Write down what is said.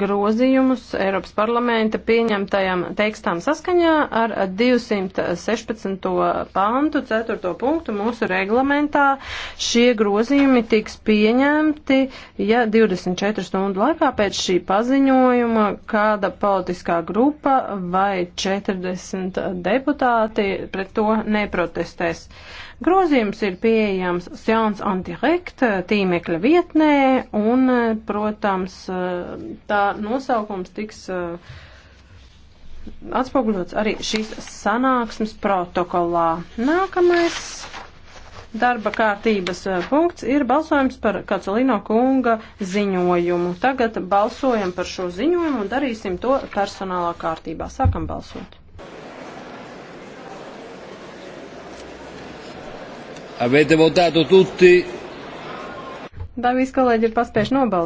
grozījumus Eiropas parlamenta pieņemtajam tekstam saskaņā ar 216. pāntu, 4. punktu mūsu reglamentā. Šie grozījumi tiks pieņemti, ja 24 stundu laikā pēc šī paziņojuma kāda politiskā grupa vai 40 deputāti pret to neprotestēs. Grozījums ir pieejams Sjāns Antirekt eh, tīmekļa vietnē un, eh, protams, eh, tā nosaukums tiks atspoguļots arī šīs sanāksmes protokolā. Nākamais darba kārtības punkts ir balsojums par Kacelino kunga ziņojumu. Tagad balsojam par šo ziņojumu un darīsim to personālā kārtībā. Sākam balsot. Avete votato tutti? Vai visi kolēģi ir paspējuši nobalsot?